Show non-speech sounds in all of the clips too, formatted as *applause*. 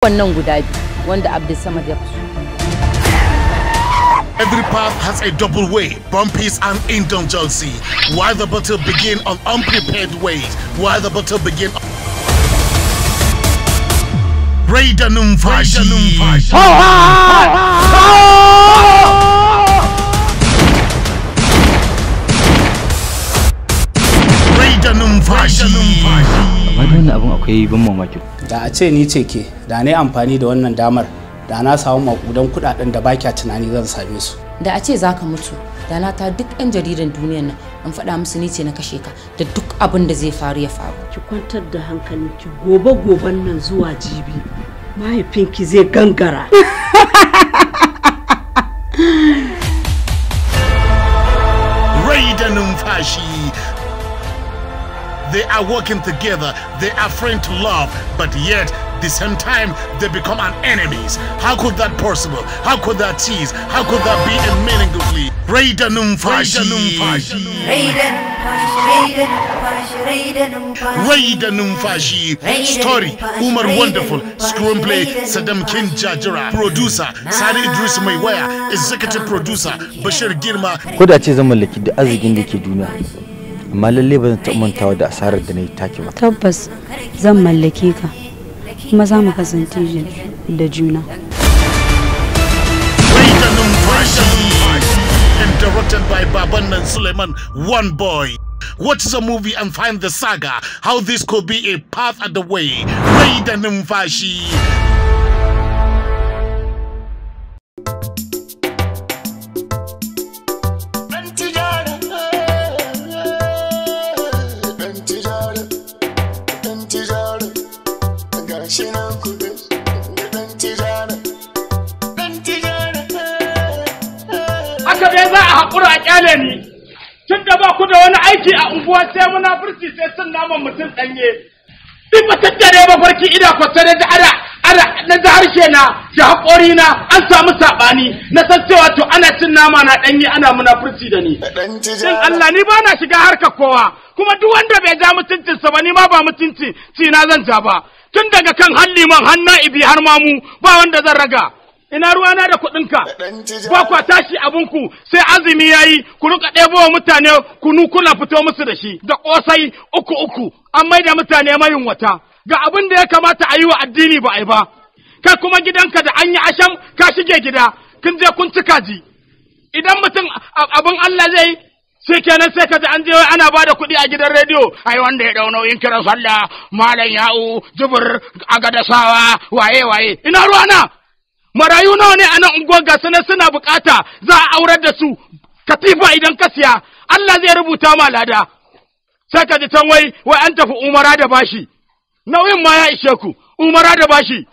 wannan guda biyu wanda Abdulsamad ya Every path has a double way, bumpies and indulgency. Why the battle begin on unprepared ways? Why the battle begin on... Raida Numfashi! Raida Numfashi! wani da wannan akwai ban mamaki da a ce ni ce ke da na amfani da wannan damar da na samu makudan kudaden da kya tunani zan same su da a ce zaka mutu da na ta duk yan jaridan duniyar nan an faɗa musu ni ce na kashe ka da duk abin da zai faru ya faru ki kwantar da hankalinki gobe goben nan zuwa jibi mahaifinki zai gangara *laughs* rai da numfashi They are working together. They are friends to love, but yet the same time they become an enemies. How could that possible? How could that tease? How could that be a meaningfully? Raiden Raiden Raiden numfashi. Story Umar Wonderful. Screenplay Saddam King Jajira. Producer Sari Idris Maiwaya. Executive producer Bashir Girma. Ko da ce zan mallaki da arzikin da ke duniya. amma lalle ba zan mantawa da asarar da na yi take ba tabbas zan mallake ka kuma za mu kasance da juna Directed by Baban and Suleiman, one boy. Watch the movie and find the saga, how this could be a path at the way. Raid Fashi. Numfashi. kuwa sai munafurci sai sun naman mutum ɗanye duk ba tattare ba farki ida kwatare da ara ara na da harshe na da haƙori na an samu saɓani na san cewa to ana cin nama na ɗanye ana munafurci da ni shin Allah ni ba na shiga harkar kowa kuma duk wanda bai ja mutuncin sa ba ni ma ba mutunci ci na zan ja ba tun daga kan halli man har na'ibi har mamu ba wanda zan raga ina ruwa na da kuɗinka ba kwa tashi abinku sai azumi ya yi ku ruka ɗebo wa mutane kunu kuna fito musu da shi da ƙosai uku uku an mai da mutane mayunwata ga abin da ya kamata a yi wa addini ba a yi ba kai kuma gidanka da an yi asham ka shige gida kin je kun cika ji. idan mutum abin Allah zai sai kenan sai ka ji an je ana ba da kuɗi a gidan rediyo ai wanda ya dau nauyin kiran sallah malam ya'u jubur agadasawa waye waye ina ruwana marayu nawa ne a nan unguwar ga sanar suna bukata za a aurar da su katifa idan ka siya Allah zai rubuta ma lada sai ka ji can wai wai an tafi umara da bashi nauyin ma ya ishe ku umara da bashi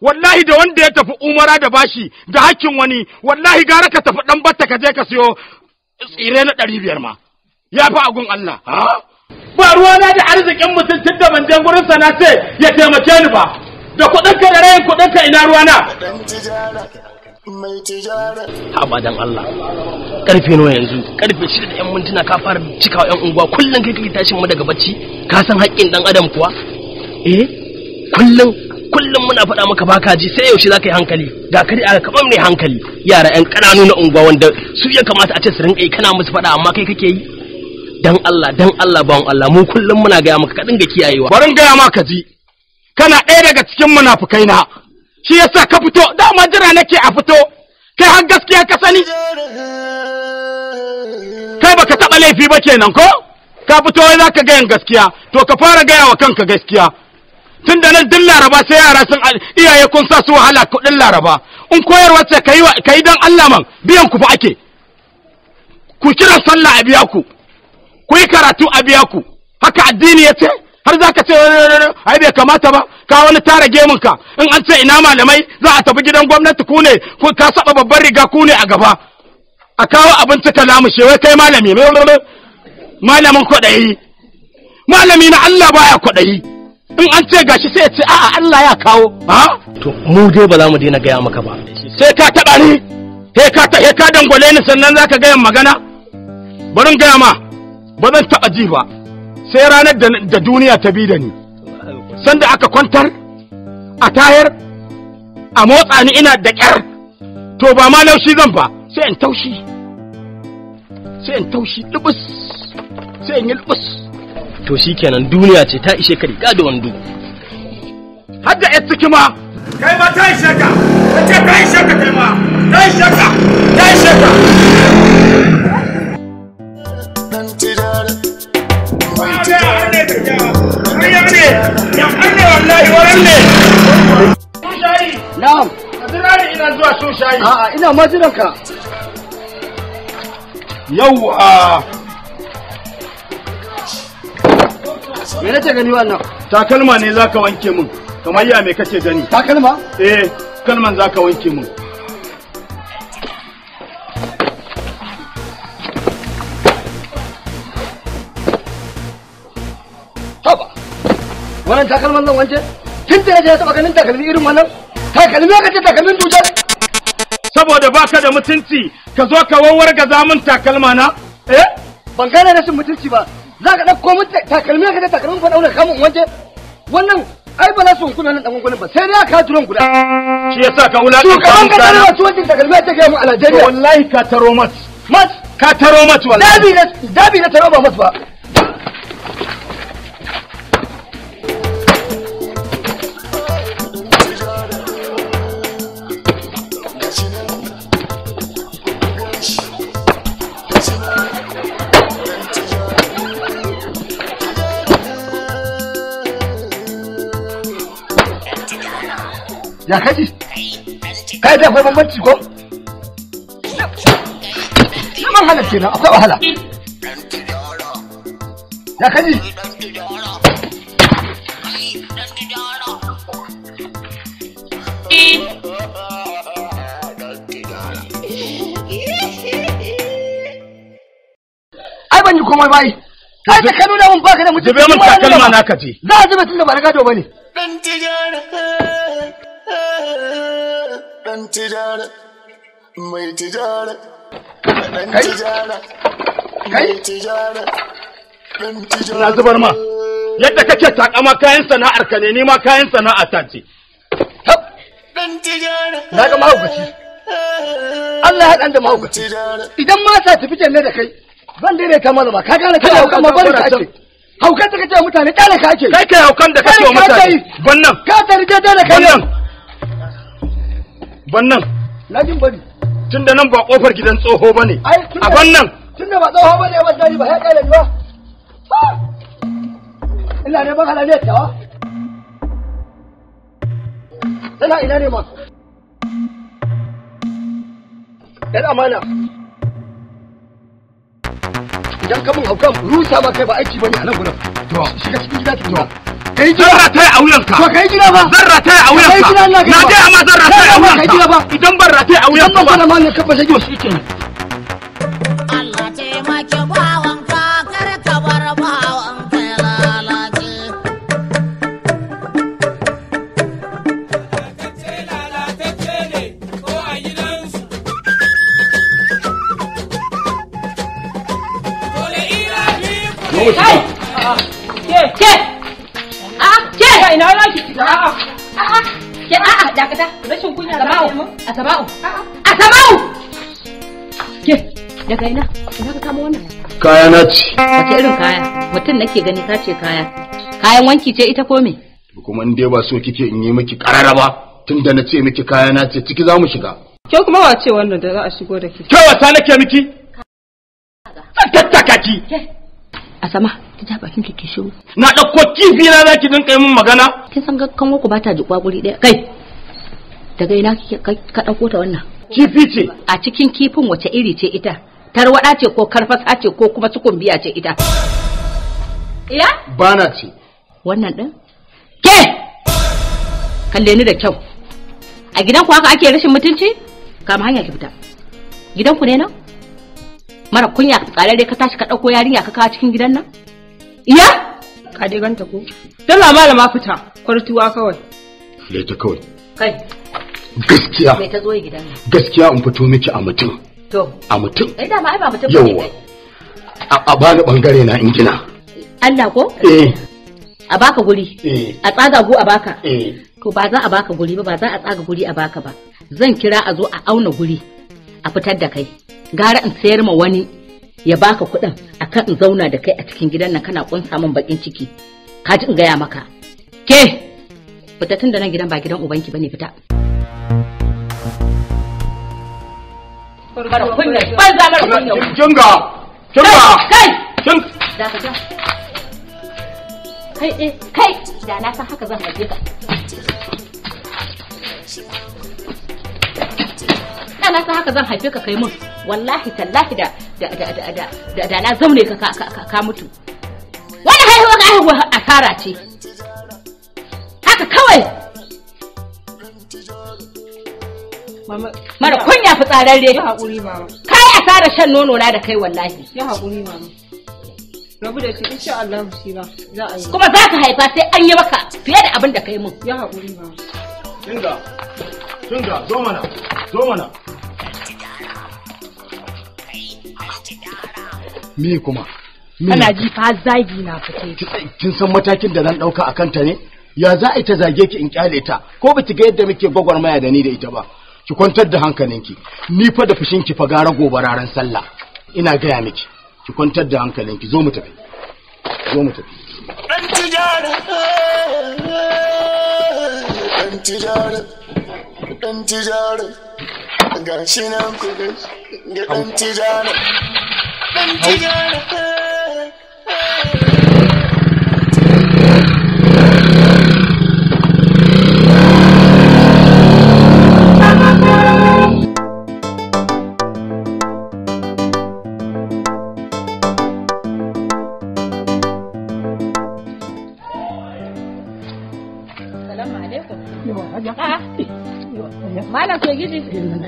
wallahi da wanda ya tafi umara da bashi da hakkin wani wallahi gara ka tafi dan batta ka je ka siyo tsire na ɗari biyar ma ya fi agun Allah ba ruwana da arzikin mutum tun da ban gurin na ce ya taimake ni ba da kuɗinka da rayin kuɗinka ina ruwana haba dan Allah karfe nawa yanzu karfe shida da yan mintuna ka fara cikawa yan unguwa kullum kai kake tashin mu daga bacci ka san haƙƙin dan adam kuwa eh kullum kullum muna faɗa maka baka ji sai yaushe zaka yi hankali ga kari aka kaɓa ne hankali yara yan ƙananu na unguwa wanda su ya kamata a ce su rinƙa yi kana musu faɗa amma kai kake yi dan Allah dan Allah bawan Allah mu kullum muna gaya maka ka dinga kiyayewa bari gaya maka ji kana ɗaya daga cikin munafukai na shi yasa ka fito dama jira nake a fito kai har gaskiya ka sani kai baka taɓa laifi ba kenan ko ka fito wai zaka gayan gaskiya to ka fara gaya wa kanka gaskiya tun da nan duk laraba sai yara sun iyaye kun sa su wahala kuɗin laraba in koyarwa ce ka yi don Allah man biyan ku fa ake ku kira sallah a biya ku ku yi karatu a biya ku haka addini ya ce har za ka ce ai bai kamata ba ka wani tara gemunka in an ce ina malamai za a tafi gidan gwamnati ku ne ka saba babban riga ku ne a gaba a kawo abinci ka lamushe wai kai malami malamin kwaɗayi malami na Allah baya kwaɗayi in an ce gashi sai ce a'a Allah ya kawo ha to mu dai ba za mu daina gaya maka ba sai ka taɓa ni sai ka ta ka dangwale ni sannan za ka gaya magana bari gaya ma ba zan taɓa ji ba sai ranar da duniya ta bi da ni sanda aka kwantar a tayar a motsa ni ina da ƙyar to ba ma laushi zan ba sai in taushi sai in taushi lubus sai in yi lubus to shikenan duniya ce ta ishe ka riga da wando har da yar ciki ma kai ma ta ishe ka ta ce ta ishe ka kai ma ta ishe ka ta ishe ka Na'am. Kadirari ina zuwa so shayi. A'a ina Yau a Takalma ne ka wanke min. Kamar ya me kake gani? Takalma? Eh, kalman zaka wanke min. wannan takalman nan wance tun da ya ganin takalmi irin wannan takalmi ka ce takalmin saboda baka da mutunci ka zo ka wawar ga zamun takalma na eh ban gane rashin mutunci ba za ka ɗauko takalmi ka ce takalmin fa daure kamun wance wannan ai ba za su hunkuna nan dan gwangwanin ba sai dai ka turon guda shi yasa ka wula ka kan ka tare wasu takalmi ta ga mu a Najeriya wallahi ka taro mat mat ka taro na taro ba mat ba ya kaji kai da kai bambanci ko saman hana kenan akwai wahala ya kaji ai ban yi komai bai Kai da kanu nuna mun baka da mutum. Zube mun takalma na kaje. Za a ji tun da ba na gado bane. Dan ɗan tijara mai tijara ɗan tijara mai tijara ɗan tijara na zubar ma yadda kake takama kayan sana'ar ka ne ni ma kayan sana'a ta ce ɗan tijara na ga mahaukaci Allah ya haɗan da mahaukaci idan ma certificate ne da kai ban daidaita malama ka gane kana hauka ma barin ka ake haukan da kace mutane ka ake kai kai haukan da kace mutane wannan ka tarje da kai wannan bannan na jin bari tunda nan ba kofar gidan tsoho bane a bannan tunda ba tsoho bane ba dani ba ya da ni ba ina ne ban ne tawa tana ina ne ma dan amana idan ka mun hauka rusa ba kai ba aiki bane a nan gurin to shiga cikin gida ki to kai gida zan rataya na a ban rataya a wuyanka ba Asaba'u! Asaba'u! Ke, daga ina, ina ka samu wannan? Kaya na ce. Wace irin kaya? Mutum nake gani ka ce kaya. Kayan wanki ce ita ko me? Kuma in dai ba so kike in yi miki karara ba, tun na ce miki kaya na ce ciki za mu shiga. Ke kuma wace wannan da za a shigo da ke? Ke wata nake miki? Zan tattaka ki. a sama ta ja bakin ki shiru na ɗauko kifi na ki dinka yi min magana kin san gaggan ku ta jikwa guri ɗaya kai daga ina ka ɗauko ta wannan kifi ce a cikin kifin wace iri ce ita tarwaɗa ce ko karfasa ce ko kuma biya ce ita iya bana ce wannan ɗin ke kalle ni da kyau a gidan ku haka ake rashin mutunci kama hanya ki fita gidan ku ne nan mara kunya tsararre ka tashi ka ɗauko yarinya ka kawo cikin gidan nan iya ka dai ganta ko dalla malama fita kwartuwa kawai ya ta kawai kai gaskiya me ta zo gidan nan gaskiya in fito miki a mutum to a mutum eh ma ai ba mutum ne a bani bangare na in gina Allah ko eh a baka guri eh. a tsaga gu a baka eh. to ba za a baka guri ba ba za a tsaga guri a baka ba zan kira a zo a auna guri a fitar da kai gara in sayar ma wani ya baka kuɗin ka in zauna da kai a cikin gidan nan kana kunsa min bakin ciki ka ji in gaya maka ke fita tun da nan gidan ba gidan ubanki bane fita mara da ka na san haka zan ka haife ka kai mun wallahi tallahi da da na ka mutu wani haihuwa haihuwa asara ce haka kawai Mana kunya mama. kai tsara shan nono na da kai wallahi ya haƙuri mama rabu da shi insha Allah shi ba za a yi kuma za ka haifa sai an yi maka fiye da abin da kai mun ya haƙuri mama Tunga, tunga, zo mana zo mana me kuma ana ji fa zagi na fice. kin san matakin da zan dauka akan ta ne ya za a ita zage ki in kyale ta ko ba ki ga yadda muke gwagwarmaya da ni da ita ba ki kwantar da hankalinki ni fa da fushin ki fa gara gobara ran sallah ina gaya miki ki kwantar da hankalinki zo mu tafi zo mu tafi dan tijara dan tijara dan tijara shi nan ku ga dan tijara dan tijara Malam Sogiji,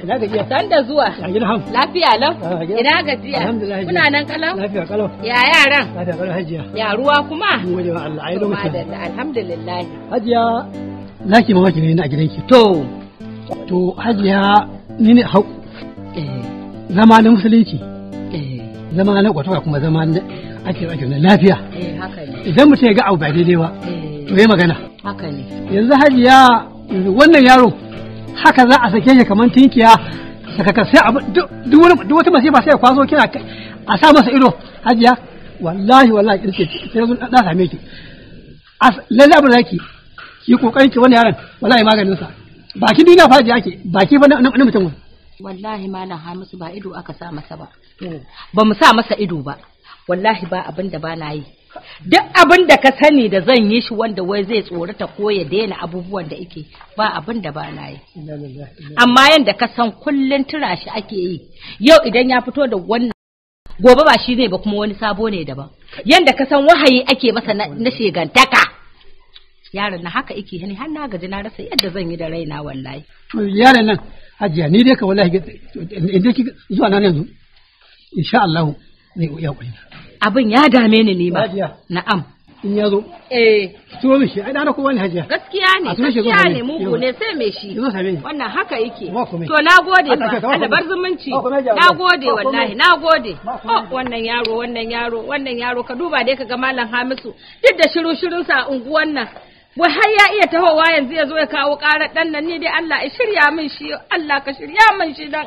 ina gajiya. San da zuwa. A gida ham. Lafiya lau. Ina gajiya. Alhamdulillah. Kuna nan kalau? Lafiya kalau. Ya yaran? Lafiya kalau hajiya. Ya ruwa kuma? Mun wa Allah. Ai lokacin. Alhamdulillah. Hajiya, na ki mamaki ne na gidanki. To. To hajiya ni ne hau. Eh, zama na musulunci. Eh. Zama na kwatuwa kuma zama na ake ake na lafiya. Eh, Idan mutum ya ga abu ba daidai ba. To yi magana. Haka ne. Yanzu hajiya wannan yaro haka za a sake shi kamar tinkiya sakaka sai abu duk wata masifa sai kwazo kina a sa masa ido hajiya wallahi wallahi kirke sai sun da same ki lalle abin zaki ki yi kokarin ki wani yaron wallahi maganin sa baki duniya faji ake baki ba na mutum wallahi malam Hamisu ba ido aka sa masa ba hmm. ba mu sa masa ido ba wallahi ba abin da ba na yi duk abin da ka sani da zan yi shi wanda wai zai tsorata ko ya daina abubuwan da ike ba abin da ba na yi amma yadda ka san kullun tura shi ake yi yau idan ya fito da wannan gobe ba shi ne ba kuma wani sabo ne daban yadda ka san wahayi ake masa na shegantaka yaron na haka ike ne har na gaji na rasa yadda zan yi da raina wallahi to yaron nan hajiya ni dai ka wallahi zuwa nan yanzu insha Allah zai abin ya dame ni ne ma na'am in ya zo eh turo mishi ai dana kowa ne hajiya gaskiya ne gaskiya ne mugu ne sai me shi wannan haka yake to na nagode fa Allah bar zumunci Na nagode wallahi gode. oh wannan yaro wannan yaro wannan yaro ka duba dai ka ga malam Hamisu duk da shiru shirun a unguwan nan wai har ya iya tahowa yanzu ya zo ya kawo karar ɗan nan ni dai Allah ya shirya min shi Allah ka shirya min shi dan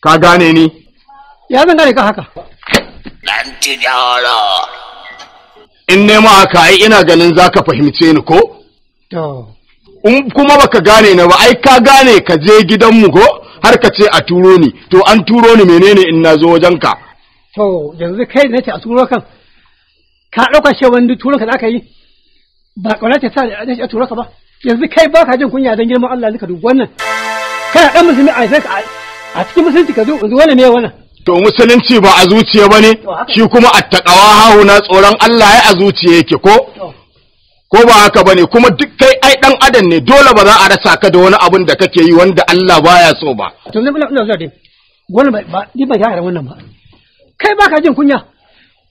ka gane ni ya zan gane ka haka dan tijara in nema haka ai ina ganin zaka fahimce ni ko to in um, kuma baka gane na ba ai ka gane ka je gidanmu ko har ka ce a turo ni to an turo ni menene in na zo wajen ka to yanzu kai ne ce a turo kan ka ɗaukar shi wani turon ka da yi ba ƙaunar ta sa a turo ka ba yanzu kai ba ka jin kunya don girman Allah ka dubi wannan kana ɗan musulmi a sai ka a cikin musulunci ka zo wani ne wani. to musulunci ba a zuciya ba ne shi kuma a taƙawa hahu na tsoron Allah ya a zuciya yake ko ko ba haka ba ne kuma duk kai ai dan adam ne dole ba za a rasa ka da wani abin da kake yi wanda Allah baya so ba to ne ina zuwa dai wannan ba ni ba ya wannan ba kai baka jin kunya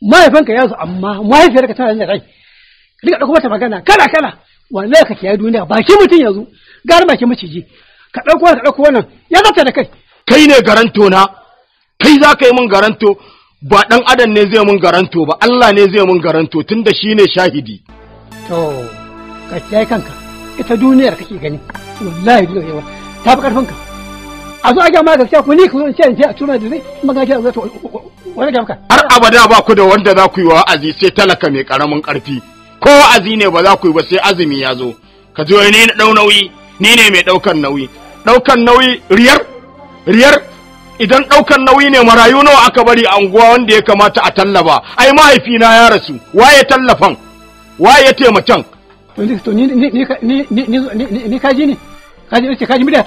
mahaifinka ya zo amma mahaifiyarka tana da rai rika dauko mata magana kala kala wallahi ka kiyaye duniya baki mutum yanzu gar baki maciji ka dauko ka dauko wannan ya zata da kai kai ne garanto na kai za ka yi min garanto ba ɗan adam ne zai mun garanto ba Allah ne zai mun garanto tunda shi ne shahidi to ka ce kanka ita duniyar kake gani wallahi da yawa ta fi karfinka a zo a ga gaskiya ku ni ku ce ce a tuna da zai maka ce zai wani ga maka har abada ba ku da wanda za ku yi wa azi sai talaka mai karamin karfi ko azi ne ba za ku yi ba sai azumi ya zo ka zo ne na dau nauyi ni ne mai daukan nauyi daukan nauyi riyar riyar idan ɗaukar nauyi ne marayu nawa aka bari a unguwa wanda ya kamata a tallafa ai mahaifina ya rasu waye tallafan waye taimakan ni kaji ne kaji ce kaji ne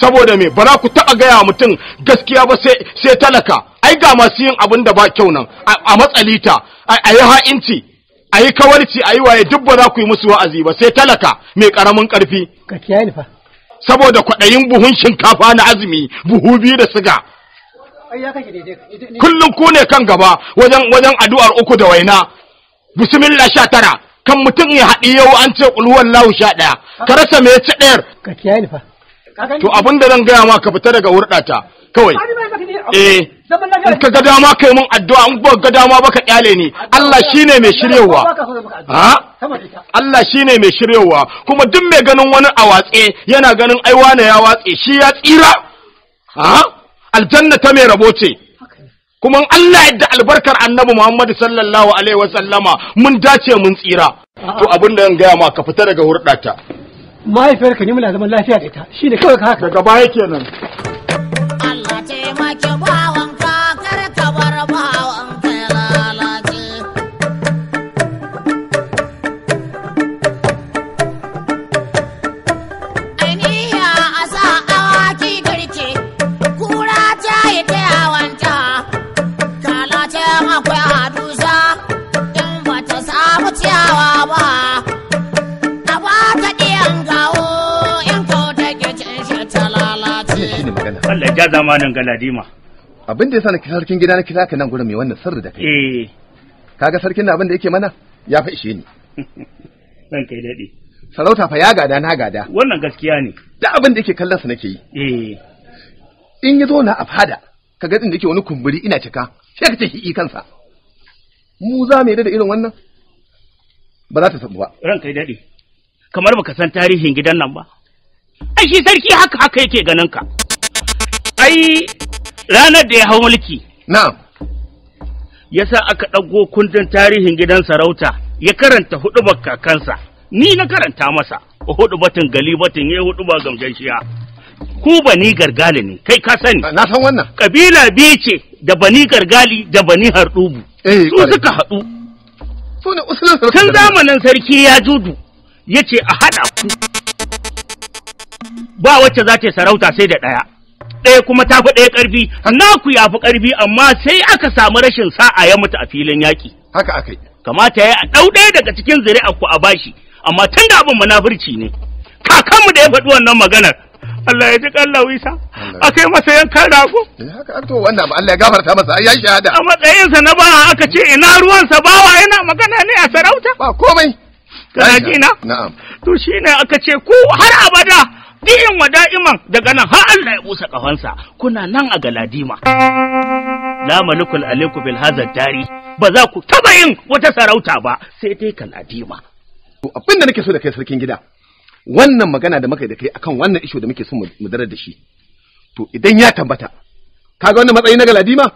saboda me bara ku taɓa gaya mutum gaskiya ba sai sai talaka ai ga masu yin abin da ba kyau nan a matsalita a yi ha'inci a yi kawarci a yi waye duk ba za ku yi musu wa'azi ba sai talaka mai ƙaramin ƙarfi ka kiyaye fa saboda kwaɗayin buhun shinkafa na azumi buhu biyu da siga kullum ku ne kan gaba wajen wajen addu'ar uku da waina bismillah sha tara kan mutum ya haɗi yau an ce ƙulwar lahu sha ɗaya ka rasa me ya ci ɗayar ka kiyaye fa to abin da zan gaya ma ka fita daga hurdata kawai eh in ka ga dama kai mun addu'a in ba ga dama baka kyale ni Allah shine mai shiryewa ha Allah shine mai shiryewa kuma duk mai ganin wani a watse yana ganin ai wane ya watse shi ya tsira ha aljanna ta mai rabo ce kuma Allah yadda albarkar annabi Muhammad sallallahu alaihi wasallama mun dace mun tsira to abinda zan gaya ma ka fita daga hurdata mahaifiyarka ne muna zaman lafiya da ita shine kawai haka daga baya kenan Allah ja zamanin galadima abin da yasa na sarkin gida na kira ka nan gurin mai wannan sirri da kai eh kaga sarkin abin da yake mana ya fa ishe ni dan kai dadi sarauta fa ya gada na gada wannan gaskiya ne da abin da yake kallon sa nake yi eh in ya na a fada kaga din da yake wani kumburi ina cika sai ka ce shi kansa mu za mu yi da irin wannan ba za ta sabu ba ran kai dadi kamar baka san tarihin gidan nan ba ai shi sarki haka haka yake ganin ka ai ranar da ya hau mulki na'am sa aka ɗago kundin tarihin gidan sarauta ya karanta hudubar kakansa ni na karanta masa hudu batun gali batun ya hudu ba gamsashiya ku bani gargali ne kai ka sani na san wannan kabila biye ce da bani gargali da bani hardubu eh, su suka haɗu tun zamanin sarki ya judu ya ce a haɗa ku ba wacce za ta sarauta sai da ɗaya ɗaya kuma ta fi ɗaya ƙarfi naku ya fi ƙarfi amma sai aka samu rashin sa'a ya mutu a filin yaƙi haka aka yi kamata ya yi a ɗau ɗaya daga cikin zire ku a bashi amma tun da abin munafurci ne kakanmu da ya faɗi wannan maganar Allah ya ji Allah wisa a kai masa yankan rago eh, haka to wannan Allah ya gafarta masa shahada a matsayinsa na bawa aka ce ina ruwansa bawa yana magana ne a sarauta ba komai kana na na'am to shine aka ce ku har abada bi'in wa da'iman daga nan har Allah ya busa kafansa kuna nan a galadima la malikul aliku bil hazar dari ba za ku taba yin wata sarauta ba sai dai galadima to abin da nake so da kai sarkin gida wannan magana da muka da kai akan wannan isho da muke so mu da shi to idan ya tabbata kaga wannan matsayi na galadima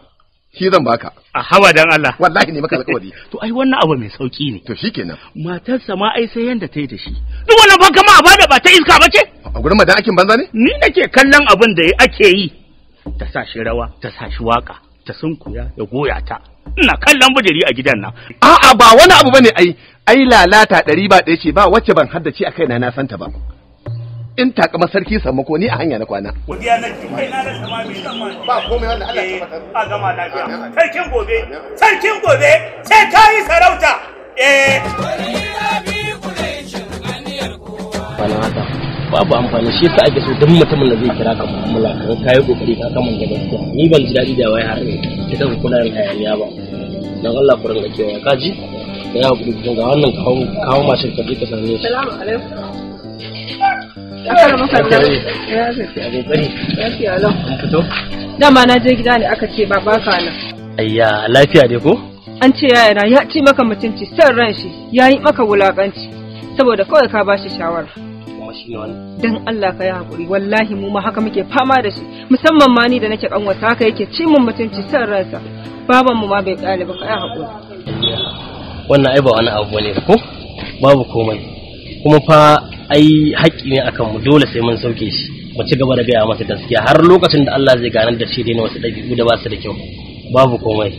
shi zan baka a hawa dan Allah wallahi ne maka alƙawari *laughs* to ai wannan abu mai sauki ne to shikenan matarsa ma ai sai yanda ta yi da shi duk wannan fa kama abada ba ta iska bace a gurin madan akin banza ne ni nake kallon abin da ake yi ta sa shi rawa ta sa shi waka ta sunkuya ya goya ta ina kallon bujiri a gidan nan a'a ba wani abu bane ai ai lalata ɗari ba ɗaya ce ba wacce ban haddace a na na santa ba in takama sarki sammako ni a hanya na kwana. Godiya na kai na rasa ma mai zama. Ba komai wanda Allah ya tabbatar. Eh, a gama lafiya. Sarkin gobe, sarkin gobe sai ka yi sarauta. Eh. Kwanan haka babu amfani shi yasa ake so duk mutumin da zai kira ka mu'amala ka kai kokari ka kaman da gaskiya ni ban ji daɗi da wai har ki da kula da hayaniya ba dan Allah ku rinka kewa ka ji ya hakuri ga wannan kawo mashin ka je ka same shi salamu alaikum Dama na je gida ne aka ce ba baka nan. Ayya lafiya dai ko? An ce yana ya ci maka mutunci san ran shi ya yi maka wulakanci saboda kawai ka bashi shawara. Dan Allah ka yi haƙuri wallahi mu ma haka muke fama da shi musamman ma ni da nake ƙanwata, haka yake ci mun mutunci san ransa baban mu ma bai ƙale ba ka yi haƙuri. Wannan ai ba wani abu ne ko? Babu komai. kuma fa ai haƙƙi ne akan mu dole sai mun sauke shi mu ci gaba da gaya masa gaskiya har lokacin da Allah zai ganar da shi daina wasu ɗabi'u da ba su da kyau babu komai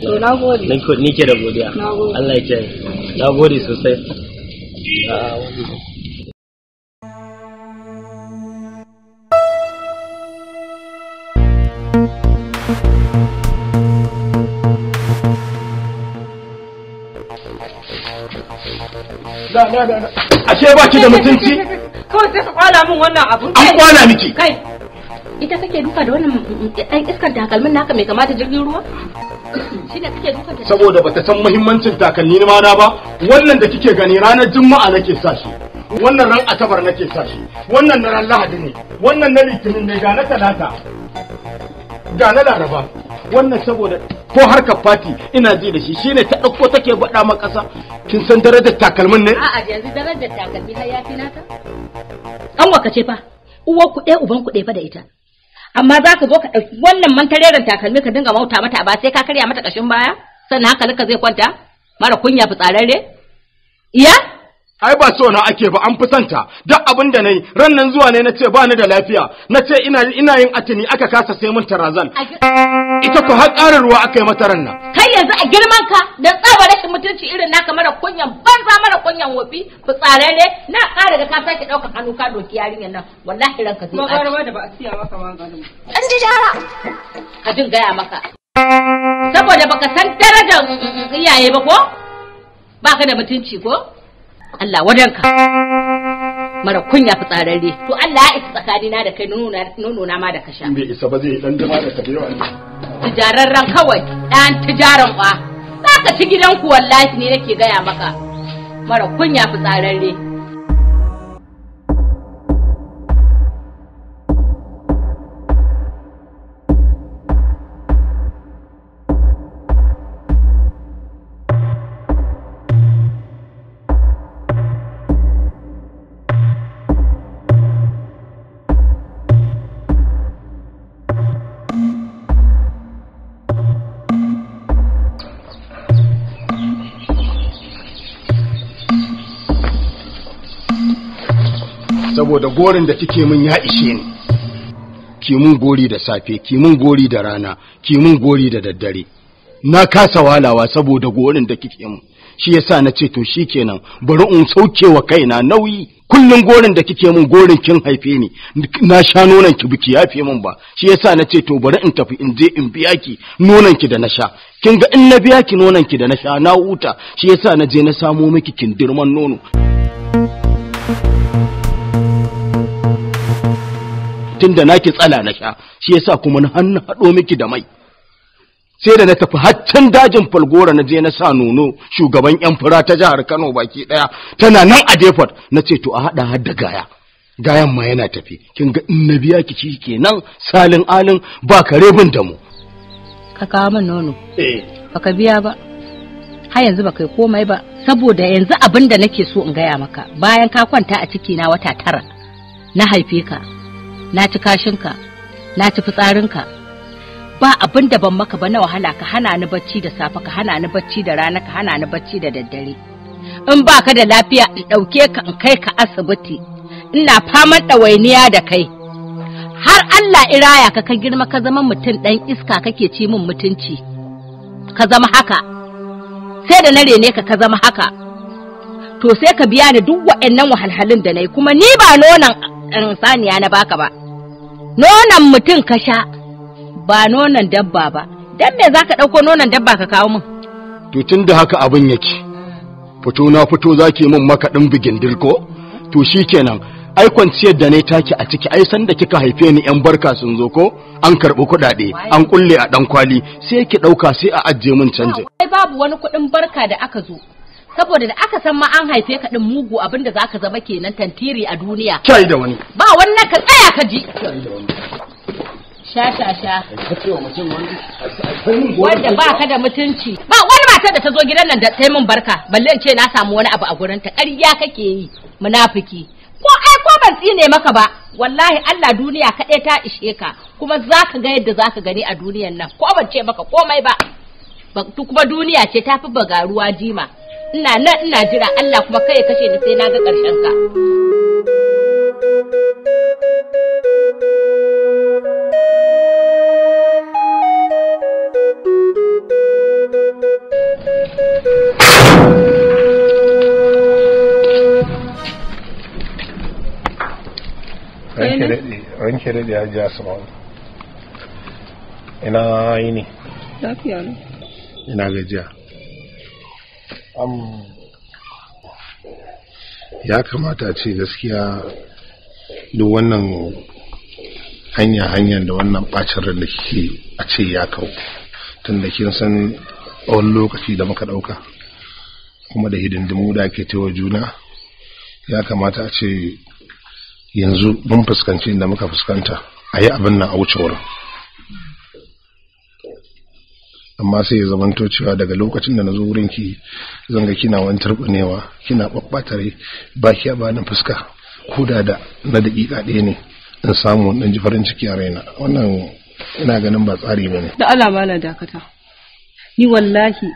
ni ke da godiya Allah ya kiyaye na gode sosai thank ah, you ashe ba ki da mutunci kawai sai su kwala min wannan abu an kwala miki kai ita kake duka da wannan dan eh, iskar takalmin naka mai kamata jirgin ruwa shine kake duka ta saboda bata san muhimmancin takalmi na mana ba wannan da kike gani ranar juma'a nake sa shi wannan ran asabar nake sa shi wannan na ran lahadi ne wannan na litinin ne ga na talata ga na laraba wannan saboda ko harkar fati ina ji da shi shine ta ɗauko take baɗa ma ƙasa kin san darajar takalmin ne a'a yanzu darajar takalmi har yafi naka an waka ce fa uwar ku ɗaya uban ku ɗaya fa da ita amma za ka zo ka ɗauki wannan mantareren takalmi ka dinga mauta mata ba sai ka karya mata ƙashin baya sannan haka zai kwanta mara kunya fitsararre iya ai ba so na ake ba an fi santa duk abin da nayi ran nan zuwa ne nace ba ni da lafiya nace ina ina yin atini aka kasa sai mun tarazan ita ko har ƙarin ruwa aka yi mata ran nan kai yanzu a girman ka da tsaba rashin mutunci irin naka mara kunyan banza mara kunyan wofi tsare ne na ƙara da ka sake ɗaukar hannu ka doki yarinyar nan wallahi ranka zai ba da ba siya maka an ji jara ka jin gaya maka saboda baka san darajar iyaye ba ko baka da mutunci ko Allah wajenka mara kunya fitsararre to Allah ya isa tsakanina da kai nono na ma da kasha bai isa ba zai dan jama da kabewa ne ran kawai dan tijaran kwa zaka ci gidanku wallahi ne nake gaya maka mara kunya fitsararre saboda gorin da kike min ya ishe ni ki mun gori da safe ki mun gori da rana ki mun gori da daddare na kasa walawa saboda gorin da kike min shi yasa na ce to shikenan bari in sauke wa kaina nauyi kullum gorin da kike min gorin kin haife ni na sha nonan ki biki yafe min ba shi yasa na ce to bari in tafi in je in biya ki nonan ki da na sha kin ga in na biya ki nonan ki da na sha na huta shi yasa na je na samo miki kindirman nono thank you tunda naki tsala na sha shi yasa kuma na hannu haɗo miki da mai sai da na tafi haccin dajin falgora na je na sa nono shugaban yan fura ta jihar Kano baki ɗaya. tana nan a Deport na ce to a hada hadda gaya gayan ma yana tafi kin ga in na biya ki ci kenan salin alin ba kare bin da mu ka kawo min nono eh. baka biya ba har yanzu baka yi komai ba saboda yanzu abin da nake so in gaya maka bayan ka kwanta a ciki na wata tara na haife ka na ci kashinka na ci fitsarinka ba abin da ban maka ba na wahala ka hana ni bacci da safe ka hana ni bacci da rana ka hana ni bacci da daddare in ba ka da lafiya in ɗauke ka in kai ka asibiti ina faman ɗawainiya da kai har Allah iraya ka ka girma ka zama mutum ɗan iska kake ci min mutunci ka zama haka sai da na rene ka ka zama haka to sai ka biya ni duk waɗannan wahalhalun da na yi kuma ni ba nonon eh, saniya na baka ba nonon mutum ka sha ba nonon dabba ba dan me zaka ɗauko nonon dabba ka kawo min to tunda haka abin yake fito na fito zaki min makaɗin bigindil ko to shikenan ai kwanciyar da ne taki a ciki ai san da kika haife ni yan barka sun zo ko an karɓi kuɗaɗe an kulle a ɗan kwali sai ki ɗauka sai a ajiye min canje. ai babu wani kuɗin barka da aka zo saboda da aka san ma an haife ka din mugu abinda zaka zama kenan tantiri a duniya kai da wani ba wannan ka tsaya ka ji sha wanda ba ka da mutunci ba wani matar da ta zo gidan nan da ta min barka balle ce na samu wani abu a gurin ta ƙarya kake yi munafiki ko ai ko ban tsine maka ba wallahi Allah duniya kaɗai ta ishe ka kuma za ka ga yadda za ka gani a duniyan nan ko ban ce maka komai ba kuma duniya ce ta fi bagaruwa jima ina nan ina jira Allah kuma kai ya kashe ni sai na ga ƙarshen ka. ranke daɗe ya ji asibawar ina yi ne lafiya ne ina gajiya ya kamata ce gaskiya duk wannan hanya-hanyar da wannan bacin ran da kike a ce ya kau tun da kin san tsawon lokaci da muka dauka kuma da hidindimu da ake tewa juna ya kamata a ce yanzu mun fuskanci da muka fuskanta a yi abin nan a wuce wurin amma sai ya zamanto cewa daga lokacin da na zo wurin ki zanga kina wani tarbanewa kina babbatare ba ki ba na fuska koda da na daƙiƙa ɗaya ne in samu dan ji farin ciki a raina wannan ina ganin ba tsari bane da Allah mala dakata ni wallahi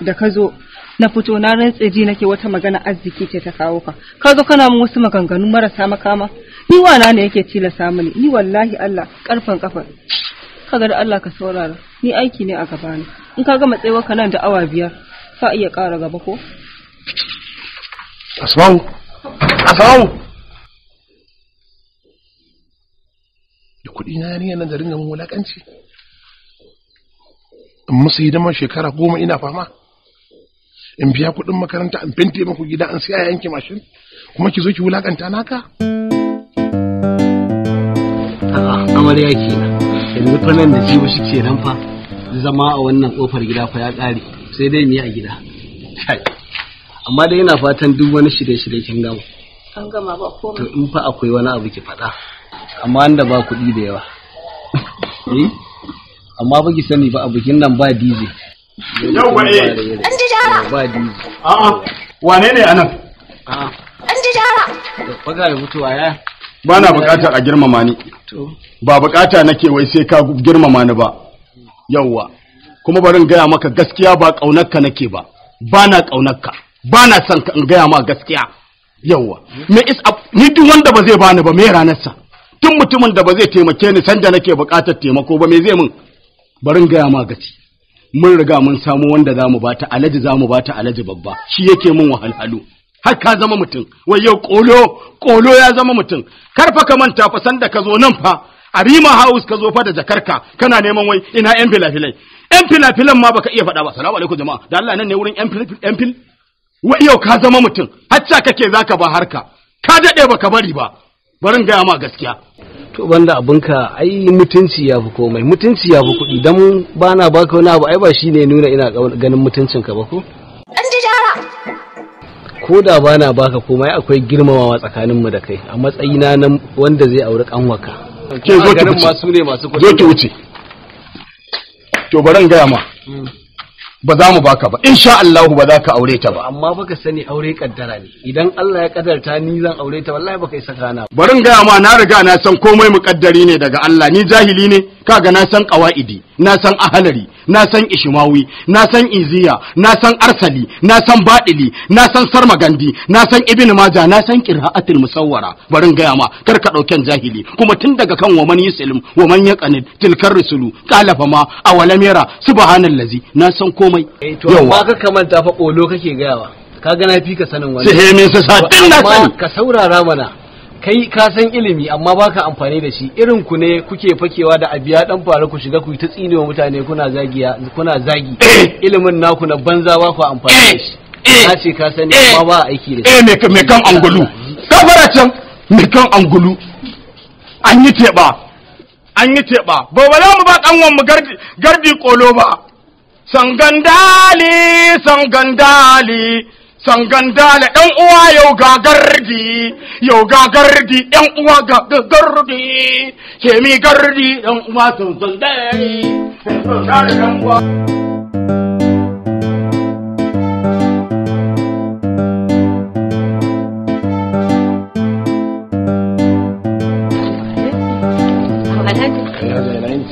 da ka zo na fito na rantse ji nake wata magana arziki ce ta kawo ka ka zo kana mun wasu maganganu marasa makama ni wana ne yake tilasa mini ni wallahi Allah karfan kafa kaga da Allah ka saurara ni aiki ne a gaba ne in ka gama tsayuwar ka nan da awa biyar ka iya ƙara gaba ko asma'u asma'u da kuɗi na yarinya nan da ringa mun in musu hidimar shekara goma ina fama in biya kuɗin makaranta in fente maku gida an siya yanke mashin kuma ki zo ki wulakanta naka amarya kenan yanzu nan da jiwo shi ke nan fa zama a wannan kofar gida fa ya ƙare sai dai mu yi a gida amma dai yana fatan duk wani shirye-shirye kin gama kan gama ba komai to in fa akwai wani abu ki faɗa amma wanda ba kuɗi da yawa *laughs* eh amma ba ki sani ba a nan ba DJ yau ba eh an ji jara ba DJ a'a wane ne anan a an ji jara faga ya ya ba na bukatar a girmama ni ba bukata nake wai sai ka girmama ni ba yawwa kuma barin gaya maka gaskiya ba ƙaunarka nake ba ba na ka. ba na son in gaya ma gaskiya yawwa me is ni duk wanda ba zai bani ba me ranar sa, tun mutumin da ba zai taimake ni sanda nake bukatar taimako ba me zai min barin gaya ma gaci mun riga mun samu wanda zamu bata alaji zamu bata alaji babba shi yake min wahalhalu har ka zama mutum wai yau kolo kolo ya zama mutum karfa ka manta fa da ka zo nan fa a rima house ka zo fa da jakarka kana neman wai ina yan filafilai yan filafilan ma baka iya faɗa ba salamu alaikum jama'a da Allah nan ne wurin yan fil wai yau ka zama mutum hacca kake zaka ba harka ka dade baka bari ba barin gaya ma gaskiya to banda abinka ai mutunci ya fi komai mutunci ya fi kuɗi don ba na baka wani abu ai ba shine nuna ina ganin mutuncinka ba ko ko da ba na baka komai akwai girmamawa tsakaninmu da kai a matsayina na wanda zai auri kanwaka ke zo wuce wuce to baran gaya ma hmm. ba za mu baka ba insha Allah ba za ka aure ta ba amma baka sani aure kaddara ne idan Allah ya kaddarta ni zan aure ta wallahi baka yi sakana barin gaya ma na riga na san komai muƙaddari ne daga Allah ni jahili ne kaga na san qawaidi na san ahalari na san ishimawi, na san iziya na san arsali na san baɗili, na san sarmagandi na san ibn maja na san qira'atul musawwara barin gaya ma kar ka dauken jahili kuma tun daga kan wa man yuslim wa man yaqanid tilkar rusulu qala fa ma awalam yara subhanallazi na san komai yawa ba ka kamanta fa kolo kake gayawa kaga na fi ka sanin wani sai me sa din na sani ka saurara mana kai ka san ilimi amma baka amfani da shi irin ku ne kuke fakewa da abiya dan faru ku shiga ku ta tsinewa mutane kuna zagiya kuna zagi eh. ilimin naku na banza ba ku amfani da eh. shi eh. na ce ka sani amma ba aiki da shi eh me kan angulu fara can me kan angulu an yi teba an yi teba ba ba mu ba kanwan mu gardi gardi kolo ba sangandali sangandali sanganda da ɗan uwa yau gagardi yau gagardi ɗan uwa gagardi ke mi gardi ɗan uwa sanganda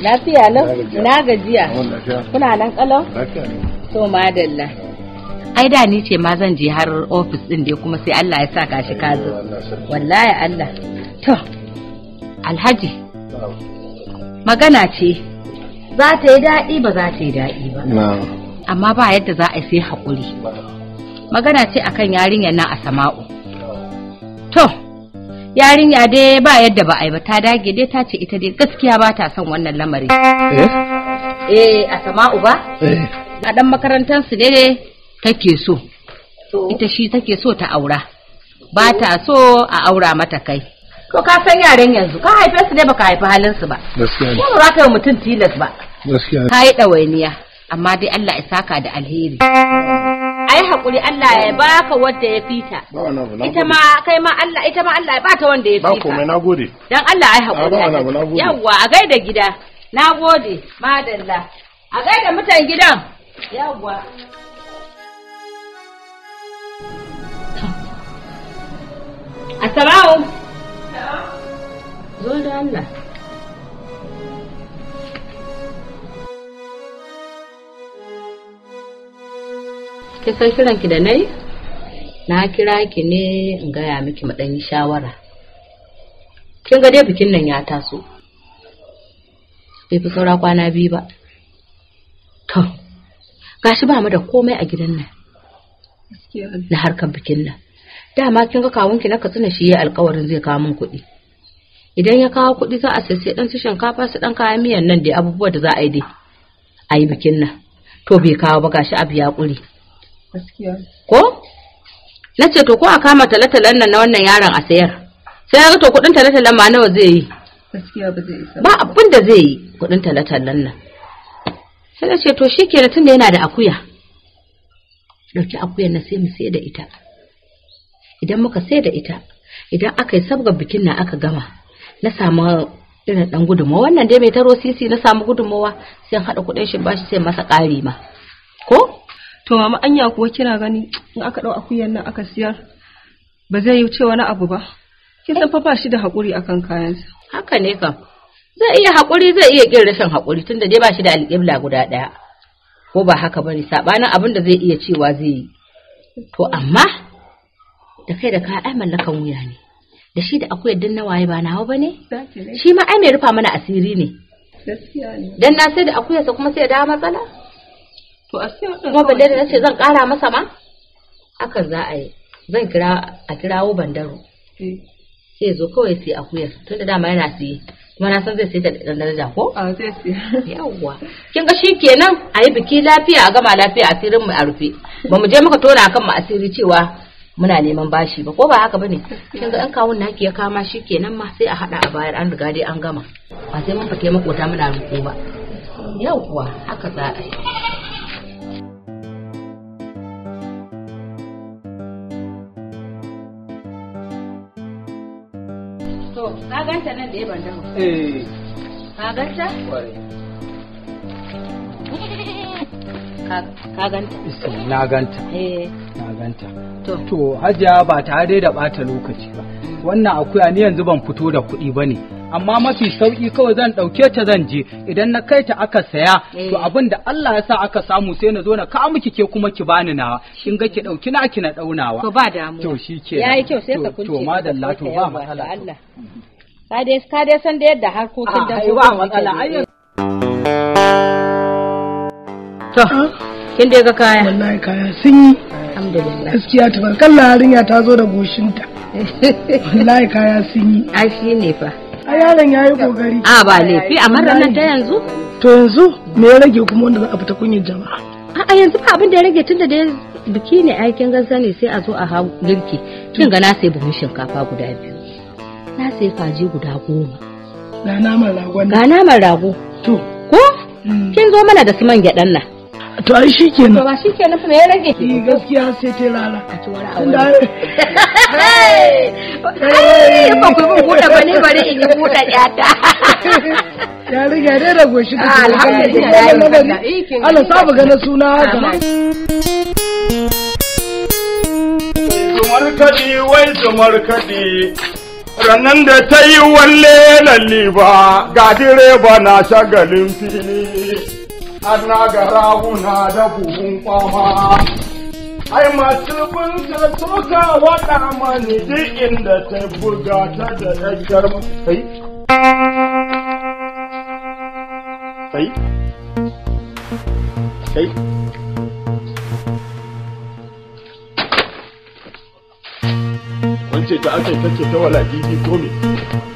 Lafiya lau? Na gajiya. Kuna nan kalau? To madalla. ai da ni ce ma zan je har ofis din dai kuma sai Allah ya sa gashi ka zo wallahi Allah to alhaji magana ce za ta yi daɗi ba za ta yi daɗi ba amma ba yadda za a sai haƙuri magana ce akan yarinya nan a sama'u to yarinya dai ba yadda ba a ba ta dage dai ta ce ita dai gaskiya ba ta son wannan lamari eh? eh a sama'u ba eh. a dan makarantar su ne take so ita shi take so ta aura ba ta so a aura mata kai to ka san yaren yanzu ka haife su ne baka haifi halin su ba gaskiya ba za ka yi mutum tilas ba gaskiya ka yi ɗawainiya amma dai Allah ya saka da alheri ai hakuri Allah ya baka wanda ya fita ita ma kai ma Allah ita ma Allah ya bata wanda ya fita ba komai nagode dan Allah ai hakuri yawa a gaida gida nagode madalla a gaida mutan gidan yawa Assalamu. Zo da Allah. Ke san kiran ki da nai Na kira ki ne in gaya miki mu shawara. Kin ga dai bikin nan ya taso. Bai fi saura kwana biyu ba. To, gashi ba mu da komai a gidan nan. Na harkar bikin nan. dama kin ga kawun ki na tuna shi ya alkawarin zai kawo min kuɗi idan ya kawo kuɗi za a sai ɗan su shinkafa su ɗan kayan miyan nan da abubuwa da za a yi dai a yi bikin nan to bai kawo ba gashi abu ya ƙure ko na ce to ko a kama talatalan nan na wannan yaron a sayar sai ya ga to kuɗin talatalan ma nawa zai yi ba abin da zai yi kuɗin talatalan nan sai na ce to shi kenan tunda yana da akuya ɗauki akuyan na sai mu sai da ita idan muka sai da ita idan aka yi sabgar bikin na aka gama na samu irin dan gudunmawa wannan dai mai taro sisi na samu gudunmawa sai haɗa kuɗin shi bashi sai masa ƙari ma ko to mama anya kuwa kina gani in aka ɗau akuyan nan aka siyar ba zai yi ce wani abu ba kin san fa ba shi da haƙuri akan kayansa haka ne kam zai iya haƙuri zai iya ƙin rashin haƙuri tunda dai ba shi da alƙibla guda ɗaya ko ba haka bane sabanin abin da zai iya cewa zai yi to amma da kai da ka ai mallakan wuya ne da shi da akwai yaddan nawaye ba nawa ba ne shi ma ai mai rufa mana asiri ne dan na sai da akuyarsa kuma sai da matsala to kuma bandar da ce zan kara masa ma akan za a yi zan kira a kirawo bandaro eh. sai zo kawai sai akuyar tunda dama yana siye kuma na san zai sai ta dan daraja ko a zai sai *laughs* yawwa kin ga shikenan a yi biki lafiya a gama lafiya asirin mu a rufe ba mu je muka tona kan mu asiri cewa muna neman bashi ba ko ba haka bane kin ga an kawun naki ya kama shi kenan ma sai a hada a bayar an riga dai an gama ba sai mun fake makota muna roƙo ba yau kuwa haka za a yi to ka ganta nan da ya ban dawo eh ka ganta *laughs* ka ganta na ganta eh. na ganta to hajiya ba tare da bata lokaci ba wannan akuya ni yanzu ban fito da kuɗi ba ne amma mafi sauƙi kawai zan ɗauke ta zan je idan na kai ta aka saya to eh. abin da Allah ya sa aka samu sai na zo na ka miki ke kuma ki bani nawa kin ga ki ɗauki na ki na ɗaunawa to ba damu to shi ke yayi kyau sai ka kunce to madalla to ba matsala Allah ka dai ka dai san da yadda harkokin ah, da ba matsala to ah. kin da ga kaya wallahi kaya sun yi alhamdulillah gaskiya tabarkalla yarinya ta zo da goshinta *laughs* wallahi kaya sun yi ai shi ne fa a yaron ya yi kokari a ba laifi amma ranar ta yanzu to yanzu me ya rage kuma wanda za a fita kunyar jama'a a'a yanzu fa abin da ya rage tun da dai biki ne aikin gaza ne sai a zo a hau girki kin ga na sai buhun shinkafa guda biyu na sai kaji guda goma ga naman rago ga naman rago to ko mm. kin zo mana da su man gyaɗan nan to ai shi kenan to ba shi kenan fa me ya rage ki eh, gaskiya sai ta lala a ci wani aure *laughs* ai ba ku mun buɗe bane bane in yi buɗe yata *laughs* ya riga da da goshi ta ah, alhamdulillah Allah sabu ga na suna haka Tumarkaɗi wai tumarkaɗi ranar da ta yi walle lalli ba ga direba na shagalin fili. an na ga da buhun kwama ai masu bunta tuka waɗa mani duk inda ta buga ta da ɗaggiyar kai kai kai wance ta ake kake ta wala gigi ko me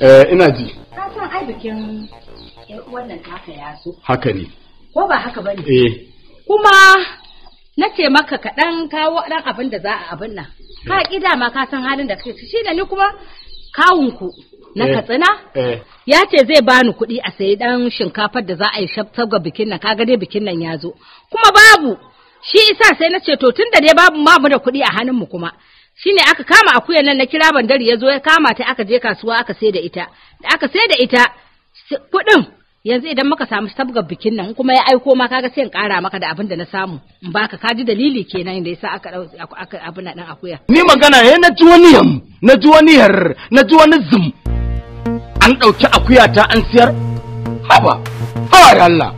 eh ina ji ka san ai bikin wannan taka ya so haka ne ko ba haka ba eh kuma na ce maka kaɗan dan kawo dan abin da za a abin nan ka ki eh. dama ka san halin da kake shi da ni kuma kawunku na eh. katsina eh. ya ce zai bani kuɗi a sayi dan shinkafar da za a yi sabga bikin nan ka dai bikin nan ya zo kuma babu shi isa sai na ce to tun da dai babu ma mu da kuɗi a hannunmu kuma shine aka kama akuyan nan na kira bandari ya zo ya kama ta aka je kasuwa aka sai da ita da aka sai da ita kuɗin yanzu idan muka samu sabgar bikin nan kuma ya aiko ma kaga sai in ƙara maka da abin da na samu in baka ka ji dalili kenan da yasa aka aka abin nan akuya ni magana eh na ji wani yam na ji wani yar na ji wani zum an ɗauki akuya ta an siyar haba haba Allah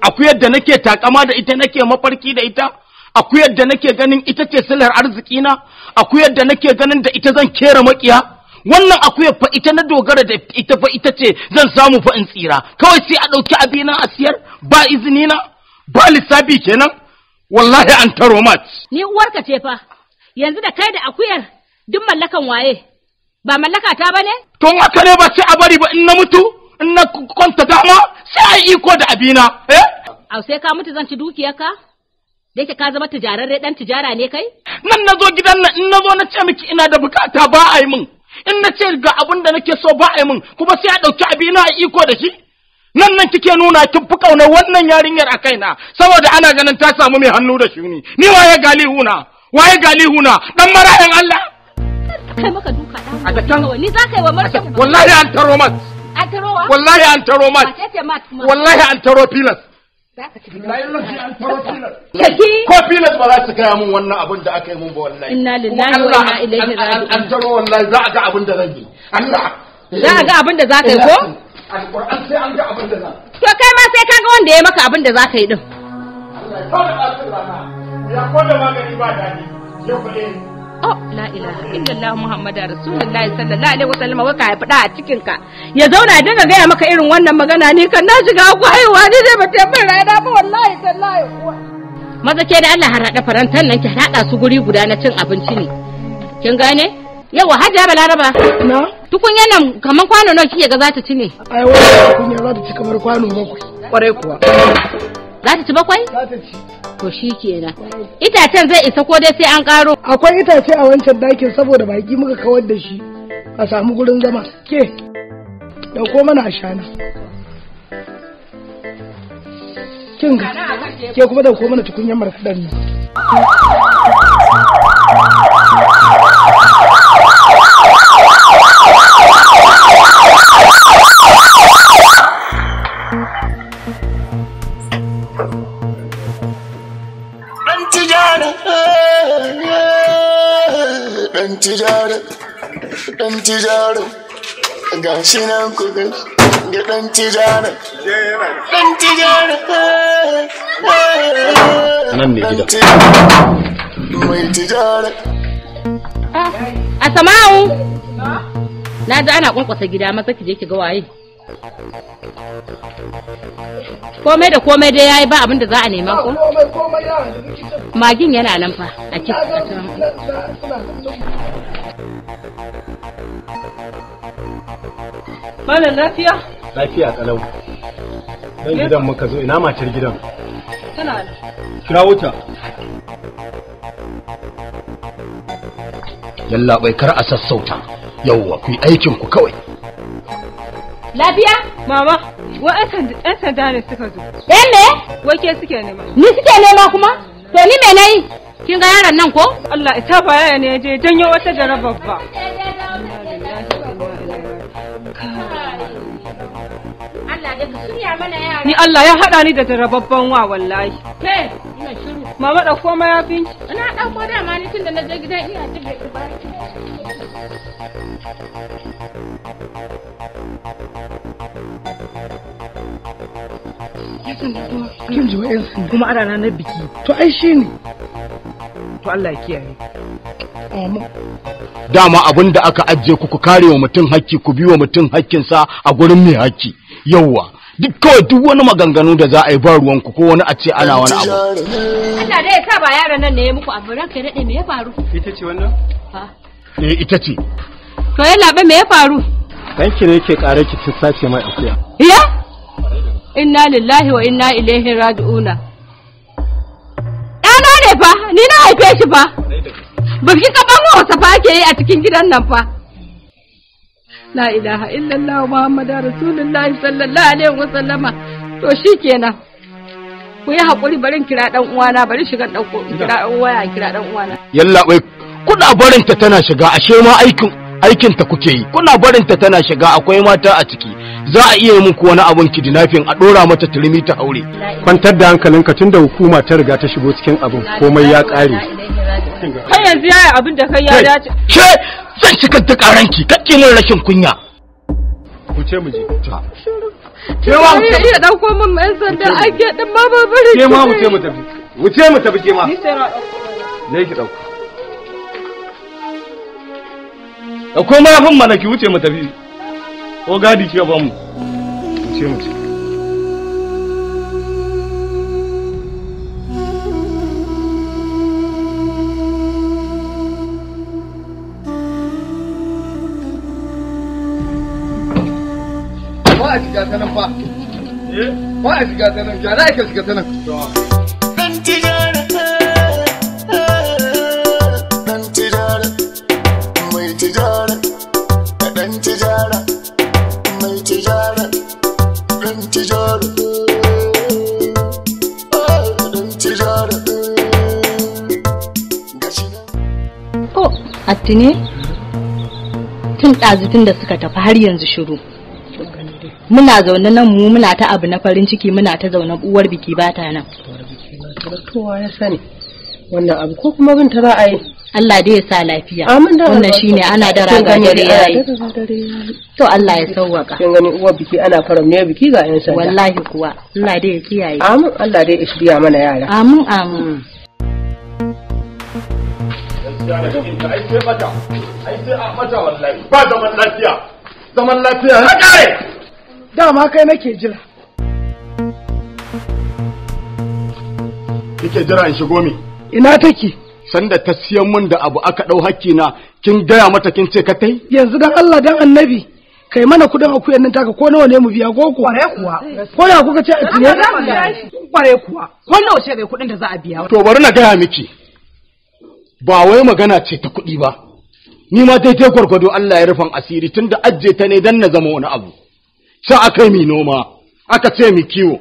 akuyar da nake takama da ita nake mafarki da ita akuyar da nake ganin ita ce silar arziki na akuyar da nake ganin da ita zan kera makiya wannan akuyar fa ita na dogara da ita fa ita ce zan samu fa in tsira kawai sai a ɗauki abina a siyar ba izini na ba lissafi kenan wallahi an taro mat ni uwarka ce fa yanzu da kai da akuyar duk mallakan waye ba mallaka ta bane to aka ne ba sai a bari ba in na mutu in na kwanta dama sai a iko da abina eh au sai ka mutu zan ci dukiyarka da yake ka zama tijararre dan tijara ne kai? Nan na zo gidan nan in na zo na ce miki ina da bukata ba a yi min. In na ce ga abin da nake so ba a yi min kuma sai a ɗauki abi a iko da shi. Nan nan kike nuna kin fi ƙauna wannan yarinyar a kaina saboda ana ganin ta samu mai hannu da shuni. Ni waye galihuna? Waye galihuna? Dan marayan Allah. Kai maka duka ɗan. A takan. Ni za ka yi wa Maryam. Wallahi an taro mat. An taro wa? Wallahi an taro mat. Wallahi an taro pilas. Ka ko filas ba za su gaya mun wannan abin da aka yi mun ba wallahi inna lillahi wa inna ilaihi raji'un an taro wallahi za a ga abin da zan yi Allah za a ga abin da za ka yi eh, ko Alƙur'an sai an ga abin da za to kai ma sai ka ga wanda ya maka abin da za ka yi din Allah ya kawo da ba kawo da magani ba dadi ya kuɗe oh la ilaha illallah muhammadu rasulullahi sallallahu alaihi wasallam wa ka faɗa a cikin ka ya zauna dinga gaya maka irin wannan magana ni kan na shiga ku haihuwa ni dai ba ta rana ba wallahi tallahi maza ke da Allah harada farantan nan ki haɗa su guri guda na cin abinci ne kin gane yawa hajiya balaraba na tukunya nan kaman kwano nawa kike ga za ta ci ne ai wannan tukunya za ta ci kamar kwano bakwai kwarai kuwa Za ta ci bakwai? Za ta ci. To shi kenan. Itacen zai isa ko dai sai an karo. Akwai itace a wancan dakin saboda baki muka kawar da shi. A samu gurin zama. Ke. Dauko mana shana Kin ga. Ke kuma dauko mana tukunyar marfadar ne ɗan tijara ɗan tijara ga shi nan ku ga ɗan tijara ɗan tijara nan ne mai tijara a ah, sama'u na ji ana kwankwasa gida maza ki je ki ga waye komai da komai dai yayi ba abin da za a nema ko magin yana nan fa a cikin Malam lafiya? Lafiya kalau. Zan gidan muka zo ina matar gidan. Tana Kira wuta. Yalla bai kar a sassauta. Yawwa ku aikin ku kawai. Lafiya? Mama, wa ɗan sanda ne suka zo. Ɗan me? Wake suke nema. Ni suke nema kuma? To ni me na yi? Kin ga yaran nan ko? Allah ita ba yaya ne je janyo wata jarabar ba. Ni Allah ya haɗa ni da jarababban wa wallahi. Ke, ina shiru. Mama ɗauko mayafin. Ina da ma ni tun da na je gidan ina jibe ba. kin ji wa'yansu kuma ana na biki to ai shi ne to Allah ya kiyaye dama abin da aka ajiye ku kare wa mutum hakki ku biyo mutum hakkinsa a gurin mai hakki yawwa duk kawai duk wani maganganu da za a yi ba ruwanku ko wani a ce ana wani abu Allah dai ya sa ba yaran nan ne ya muku abu ranka ya daɗe me ya faru ita ce wannan eh ita ce to yalla ba me ya faru danki ne ke kare ki sace mai akuya iya inna lillahi wa inna ilaihi raji'una ɗana ne fa ni na haife shi fa biki kaban wasa fa ke yi a cikin gidan nan fa la ilaha illallah muhammadu Rasulullah sallallahu alaihi wa sallama to shikenan ku yi haƙuri barin kira ɗan uwana bari shiga ɗan uwana kira ɗan uwana. Yalla bai kuɗa barinta tana shiga ashe ma aikin aikin ta kuke yi kuna barin ta tana shiga akwai mata a ciki za a iya muku wani abun kidnapping a dora mata turmi ta aure kwantar da hankalin ka tunda hukuma ta riga ta shigo cikin abin komai ya kare kai yanzu yayi abin da kai ya dace ke zan shigar da karanki kake min rashin kunya ku ce mu je kewa ku ce Iya ko min mai sanda ake din ma ba bari. ma mu ce mu tafi. Mu ce mu tafi kema. Ni sai ra ki da ko mayafin mana ki wuce mu tafi ko gadi ke ba mu wuce mu ba a shiga ta nan ba. Eh? Ba a shiga ta nan, gyara ake shiga ta nan. attine tun ɗazitun da suka tafi har yanzu shiru muna zaune nan mu muna ta abu na farin ciki muna ta zaune uwar biki ba ta nan kowa ya sani wannan abu ko kuma bin ta za a yi Allah dai ya sa lafiya wannan shine ana da raga dare yayi to Allah ya sauwaka kin gani uwar biki ana faram ne biki ga yan sanda wallahi kuwa Allah dai ya kiyaye amin Allah dai ya shirya mana yara amin amin mm. ya da cikin ta ai sai mata ai sai a mata wallahi ba zaman lafiya zaman lafiya ya kare dama kai nake jira kike jira in shigo mi ina take sanda ta siyan mun da abu aka dau hakki na kin gaya mata kin ce ka tai yanzu dan Allah dan annabi kai mana kudin akuyan nan taka ko nawa ne mu biya ko kware kuwa ko da kuka ce a tiye kware kuwa ko nawa ce kai kudin da za a biya to bari na gaya miki ba wai magana ce ta kuɗi ba ni ma daidai gwargwado Allah ya rufan asiri tunda ajiye ta ne dan na zama wani abu sai aka mi noma aka ce mi kiwo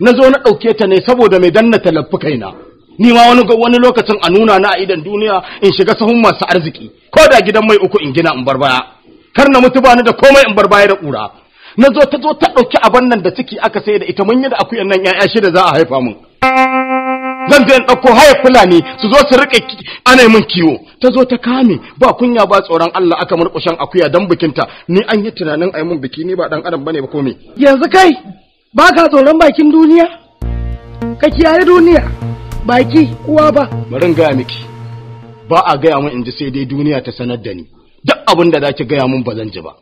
na zo na ɗauke ta ne saboda mai na talaffi na, ni ma wani lokacin a nuna na a idan duniya in shiga sahun masu arziki ko da gidan mai uku in gina in bar baya kar na mutu bani da komai in bar baya da ƙura na zo ta zo ta ɗauki abin nan da ciki aka sai da ita mun yi da akuyan nan 'ya'ya shida za a haifa mun zan je ɗauko haya fulani su zo su riƙe ana min kiwo ta zo ta kame ba kunya ba tsoron Allah aka murƙushen akuya dan bikinta ni an yi tunanin yi mun biki ni ba ɗan adam bane ba komai yanzu kai ba ka tsoron bakin duniya ka kiyaye duniya baki uwa ba bari gaya miki ba a gaya min in ji sai dai duniya ta sanar da ni duk abin da za ki gaya min ba zan ji ba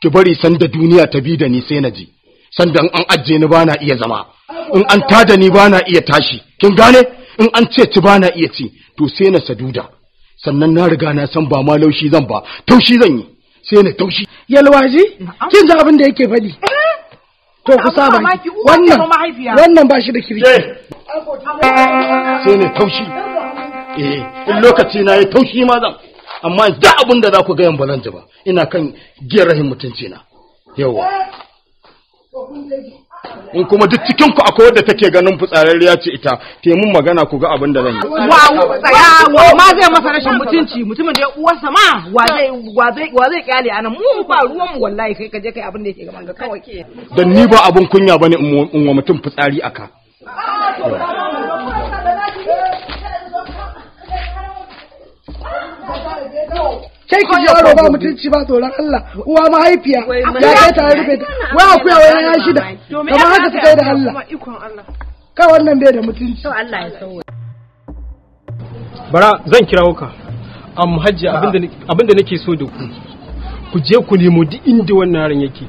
ki bari san da duniya ta bi da ni sai na ji sanda an ajiye ni bana iya zama in an tada ni bana iya tashi kin gane in an ce ci bana iya ci to sai na saduda sannan na riga na san ba ma laushi zan ba taushi zan yi sai na taushi yalwaji kin ji abin da yake faɗi eh. to ku saba wannan wannan ba shi da kirki eh. sai na taushi eh. eh in lokaci na ya taushi ma zan amma da abin da za ku ga yan ba ji ba ina kan gerahin mutunci na yawa in kuma duk cikin ku akwai wadda take ganin fitsarariya ce ita te mun magana ku ga abin da zan yi wa tsaya wa ma zai masa rashin mutunci mutumin da ya uwarsa ma wa zai wa zai wa zai kyale anan mu ba ruwan mu wallahi kai kaje kai abin da yake gaban ka kawai dan ni ba abun kunya bane in wa mutum fitsari aka kai ki yaro ba mutunci ba tsoron Allah uwa mahaifiya ya kai ta rufe ta wai akuya wai ya shida kamar haka suka yi da Allah kai wannan bai da mutunci bara zan kirawo ka am hajji abinda nake so da ku ku je ku nemo duk inda wannan yaron yake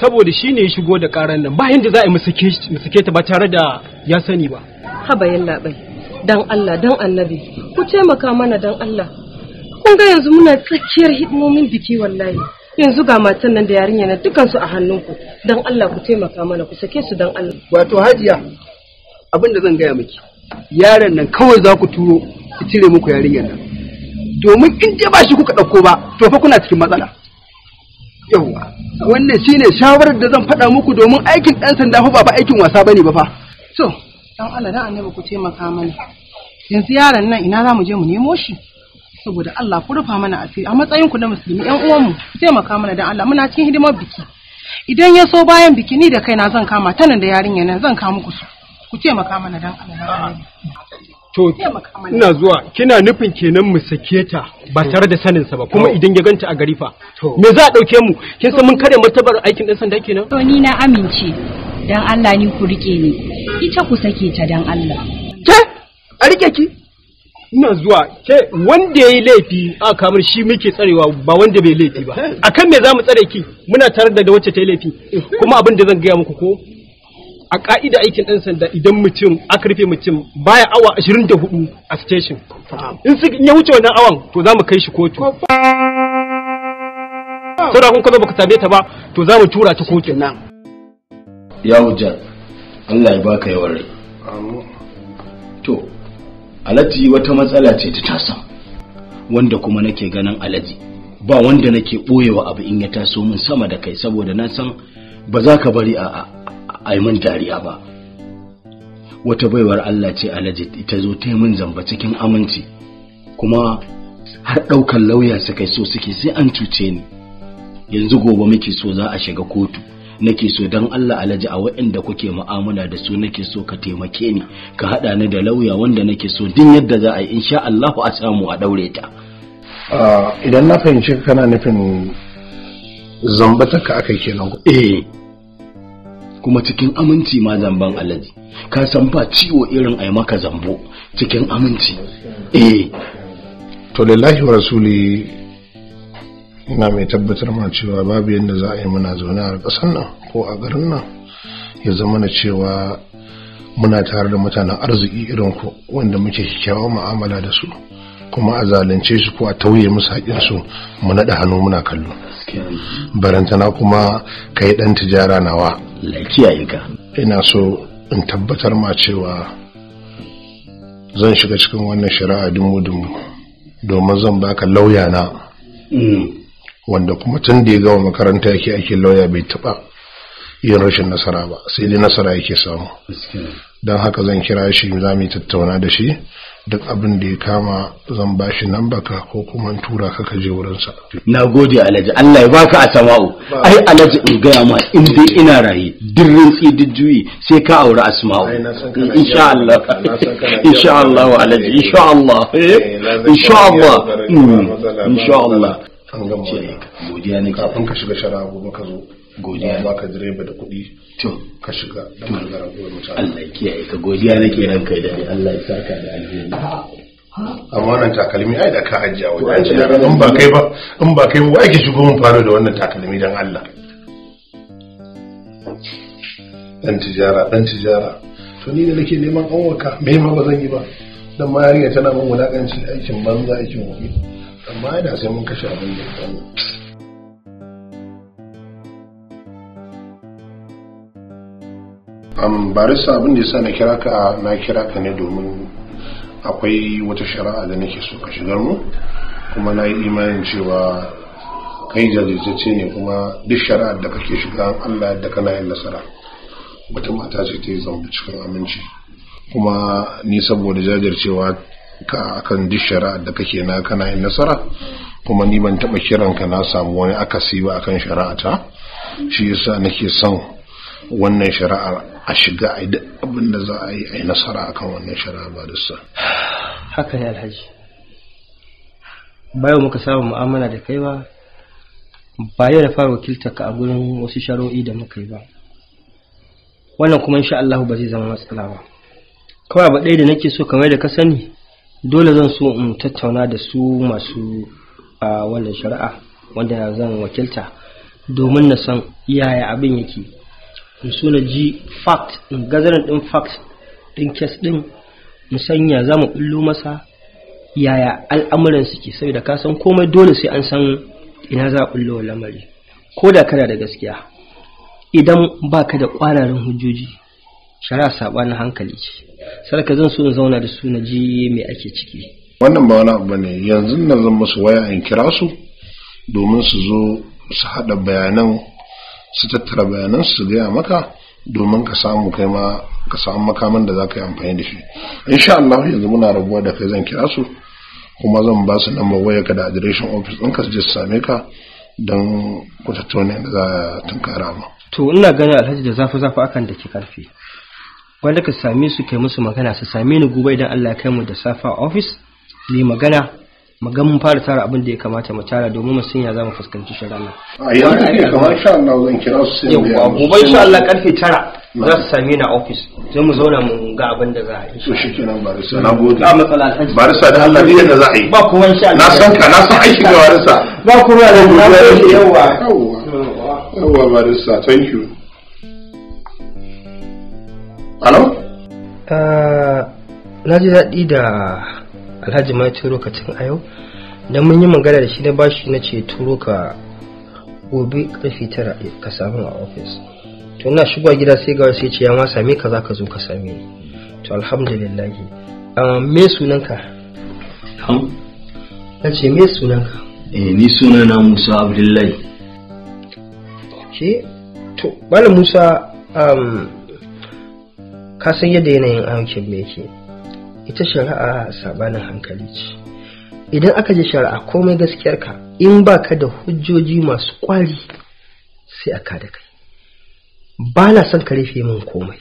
saboda shi ne ya shigo da karan nan bayan da za a yi musake ta ba tare da ya sani ba haba yalla bai dan Allah dan annabi ku taimaka mana dan Allah kun ga yanzu muna tsakiyar hidimomin biki wallahi yanzu ga matan nan da yarinya na dukan su a hannunku dan Allah ku taimaka mana ku sake su dan Allah wato hajiya abin da zan gaya miki yaran nan kawai za ku turo ku cire muku yarinyar nan domin in je ba shi kuka ɗauko ba to fa kuna cikin matsala yawwa wannan shine shawarar da zan faɗa muku domin aikin ɗan sanda fa ba aikin wasa bane ba fa So dan Allah dan annabi ku taimaka mana yanzu yaran nan ina za mu je mu nemo shi saboda Allah ku rufa mana asiri a matsayin ku na musulmi ƴan uwanmu ku maka mana dan Allah muna cikin hidimar biki idan ya so bayan biki ni da kaina zan kama ta nan da yarinya nan zan kama ku su ku ce maka mana dan Allah ina zuwa kina nufin kenan mu sake ta ba tare da sanin sa ba kuma idan ya ganta a gari fa me za a dauke mu kin san mun kare martabar aikin dan sanda kenan to ni na amince dan Allah ni ku rike ni ita ku sake ta dan Allah ke a rike ki ina zuwa ke wanda ya yi laifi a kamar shi muke tsarewa ba wanda bai laifi ba akan me za mu tsare ki muna tare da wacce ta yi laifi kuma abin da zan gaya muku ko a ka'ida aikin ɗan sanda idan mutum aka rufe mutum baya awa 24 a station in ya wuce wannan awan to za mu kai shi kotu saboda kun kaza baka same ta ba to za mu tura ta kotu nan ya hujja Allah ya baka yawan rai to alaji wata matsala ce ta tasa wanda kuma nake ganin alaji ba wanda nake ɓoyewa abu in ya taso min sama da kai saboda na san ba za ka bari a aiman dariya ba wata baiwar Allah ce alaji ita zo ta min zamba cikin aminci kuma har ɗaukar lauya kai so suke sai an cuce ni yanzu gobe muke so za a shiga kotu nake so dan Allah alaji a waɗanda kuke mu'amala da su nake so ka taimake ni ka haɗa ni da lauya wanda nake so din yadda za a yi insha Allah a samu a daure ta idan na fahimci kana nufin zambatar ka aka kenan eh kuma cikin aminci ma zamban alaji ka san ba ciwo irin ai maka zambo cikin aminci eh to lillahi wa rasuli ina mai tabbatar ma cewa babu yadda za a yi muna zaune a ƙasar nan ko a garin nan ya zama na cewa muna tare da mutanen arziki irin ku wanda muke kyakkyawar mu'amala da su kuma a zalunce su ko a tauye musu su mu naɗa hannu muna kallo barantana kuma ka yi ɗan tijara nawa ina so in tabbatar ma cewa zan shiga cikin wannan shari'a dumu-dumu domin zan baka lauya na mm. wanda kuma tun da ya gama makaranta yake ake lauya bai taba yin rashin nasara ba sai dai nasara yake samu don haka zan kira shi za mu tattauna da shi duk abin da ya kama zan ba shi nan baka ko kuma tura ka kaje wurinsa na gode alhaji allah ya baka a sama'u ai alhaji in gaya ma in dai ina raye duk rintsi duk juyi sai ka aure asma'u insha allah insha allah alhaji insha allah eh, hmm. insha allah insha allah an gama godiya ne kafin ka shiga shara gobe ka zo godiya ba ka direba da kuɗi to ka shiga da mangara gobe mutane Allah ya kiyaye ka godiya nake da Allah ya saka da alheri amma wannan takalmi ai da ka ajiya wajen in ba kai ba in ba kai shigo mun faro da wannan takalmi dan Allah dan tijara dan tijara to ni da nake neman anwarka me ma ba zan yi ba dan ma yarinya tana min wulakanci aikin banza aikin wuri amma yana sai mun kashe abin da ya kawo am barista abin da yasa na kira ka na kira ka ne domin akwai wata shari'a da nake so ka shigar mu kuma na yi imanin cewa kai jajirce ne kuma duk shari'ar da kake shiga Allah da kana yin nasara wata mata ce ta yi zama cikin aminci kuma ni saboda jajircewa ka akan duk shari'ar da kake na kana yin nasara kuma ni ban taba kiran ka na samu wani akasi ba akan ta shi yasa nake son wannan shari'ar a shiga a duk abin da za a yi a nasara akan wannan shari'ar ba da haka ne alhaji bayan muka samu mu'amala da kai ba ba yau da fara wakiltar ka a gurin wasu shari'o'i da muka yi ba wannan kuma insha Allah ba zai zama matsala ba kawai ba ɗaya da nake so kamar da ka sani dole zan so in tattauna da su masu wannan shari'a wanda zan wakilta domin na san yaya abin yake in so na ji fact in gazarin din fact din kes din mu sanya za mu ɓullo masa yaya al'amuran suke saboda ka san komai dole sai an san ina za a ɓullo lamari ko da kana da gaskiya idan baka da ƙwararin hujjoji shari'a saɓanin hankali ce sarka zan so in zauna da su na ji me ake ciki wannan ba wani abu ne yanzu na zan musu waya in kira su domin su zo su haɗa bayanan su tattara bayanan su gaya maka domin ka samu kai ma ka samu makaman da za ka yi amfani da shi insha Allah yanzu muna rabuwa da kai zan kira su kuma zan ba su lambar waya da adireshin ofis ɗinka su je su same ka don ku tattauna da za a tunkara mu to ina gani alhaji da zafi zafi akan da ke karfi wanda ka same su ke musu magana su same ni gobe idan Allah ya kai mu da safa office ni magana magan mun fara tara abin da ya kamata mu tara domin mu sanya za mu fuskanci shirin nan. A yanzu ne kamar insha Allah zan kira su sai mu Gobe insha Allah karfe tara za su same na office sai mu zauna mu ga abin da za a yi. So shi kenan barisa na gode. Ba matsala Barisa da Allah biyan da za a yi. Ba kuma insha Allah. Na san ka na san aiki da barisa. Ba kowa da gobe. Yawwa. Yawwa barisa thank you. Hello? Ah, na ji daɗi da alhaji ma turo ka cin ayo don mun yi magana da shi na bashi na ce turo ka gobe karfe tara ka samu a ofis to na shigo gida sai ga sai ce ya ma same ka za ka zo ka same ni to alhamdulillahi. Ah, me sunanka ham na ce me sunanka eh ni sunana musa abdullahi ke to Bala musa um, ka san yadda yanayin aikin me yake ita shari'a sabanin hankali ce idan aka je shari'a komai gaskiyar ka in baka da hujjoji masu kwari sai aka da kai ba na son ka rufe min komai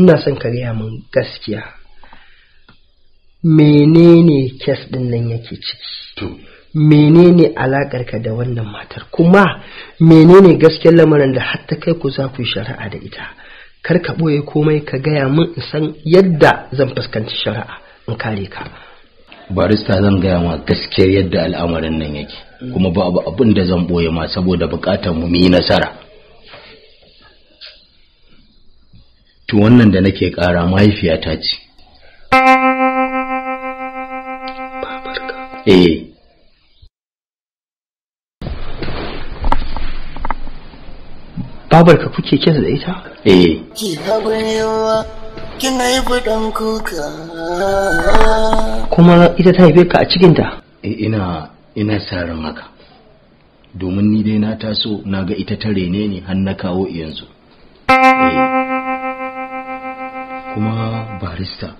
ina son ka gaya min gaskiya menene kes din nan yake ciki menene alakarka da wannan matar kuma menene gaskiyar lamarin da har ta kai ku za ku yi shari'a da ita kar ka ɓoye komai ka gaya min in san yadda zan fuskanci shari'a in kare ka barista zan gaya ma gaskiyar yadda al'amarin nan yake kuma babu abin da zan ɓoye ma saboda buƙatar mu yi nasara to wannan da nake ƙara mahaifiyata ce eh babar ka kuke kisa da ita eh ki hagurewa kin haifi dan kuka kuma ita ta haife ka a cikin ta eh, ina ina sarin haka domin ni dai na taso na ga ita ta rene ne har na kawo yanzu eh. kuma barista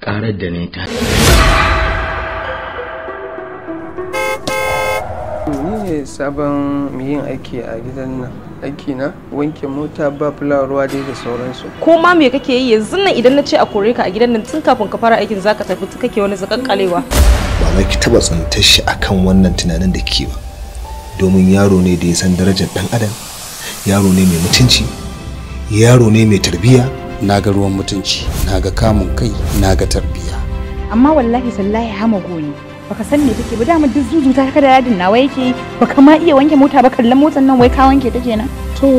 karar da ne ta ni ne sabon yin aiki a gidan nan aiki na wanke mota ba fulawa ruwa dai da sauransu ko ma me kake yi yanzu nan idan na ce a kore ka a gidan nan tun kafin ka fara aikin zaka tafi tun kake wani zakakkalewa ba za ki taba tsintar shi akan wannan tunanin da ke ba domin yaro ne da ya san darajar dan adam yaro ne mai mutunci yaro ne mai tarbiyya na ga ruwan mutunci na ga kamun kai na ga tarbiyya amma wallahi sallahi hama goyi baka san me kake ba dama duk zuzuta ka da yadin nawa yake baka ma iya wanke mota ba kallon motsan nan wai ka wanke take na? to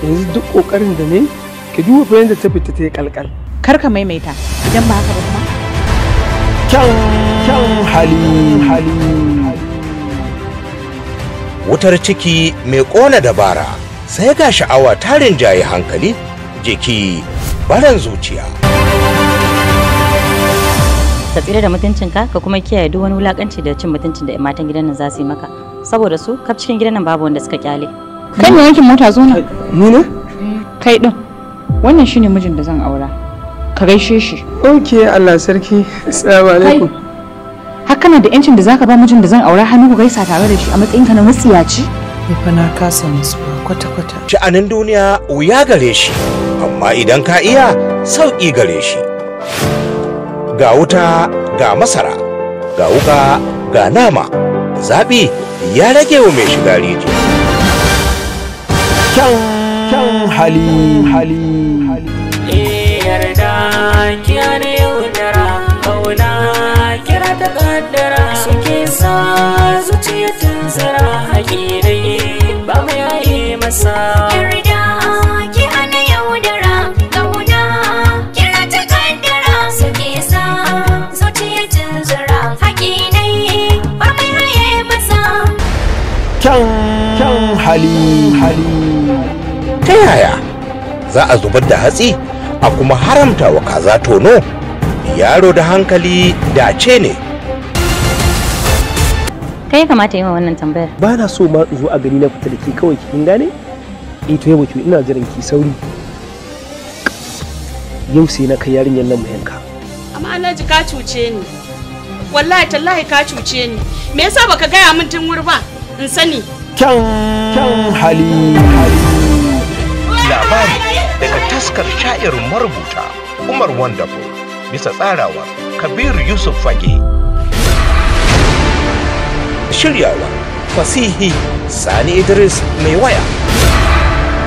yanzu duk kokarin da ne ka duba fa yanda ta fita ta yi kalkal kar ka maimaita idan ba haka ba kuma kyan kyan hali hali wutar ciki mai kona dabara sai ga sha'awa tarin jaye hankali jiki baran zuciya ka tsira da mutuncinka ka kuma kiyaye duk wani wulakanci da cin mutuncin da matan gidan nan za su yi maka saboda su kaf cikin gidan nan babu wanda suka kyale kai ne yankin mota zo nan ni ne kai din wannan shine mijin da zan aura ka gaishe shi okay Allah sarki assalamu alaikum hakana da yancin da zaka ba mijin da zan aura hannu ku gaisa tare da shi a matsayinka na matsiyaci fa na kasa nutsuwa kwata-kwata sha'anin duniya wuya gare shi amma idan ka iya sauƙi gare shi ga wuta ga masara ga wuka ga nama zaɓi ya rage wa mai shiga rijiya kyan hali hali yarda kiya na yaudara kauna kira ta kaddara suke sa zuciya tunzara haƙi ba mai yayi masa kyan hali ta yaya za a zubar da hatsi a kuma haramta wa kaza tono yaro da hankali dace ne kai kamata yi wa wannan tambayar ba na so ma zo a gani na fita da ke kawai kikin gane ito ya yau ina jiran ki sauri yau sai na kai yarinyar nan mu yanka amma ji ka cuce ni wallahi tallahi ka cuce ni me yasa baka gaya min tun wuri ba in sani kyan hali labari daga taskar sha'ir marubuta umar wonderful bisa tsarawa kabiru yusuf fage shiryawa fasihi sani idris mai waya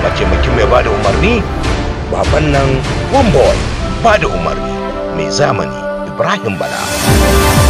mataimaki mai bada umarni baban nan one boy bada umarni mai zamani ibrahim bala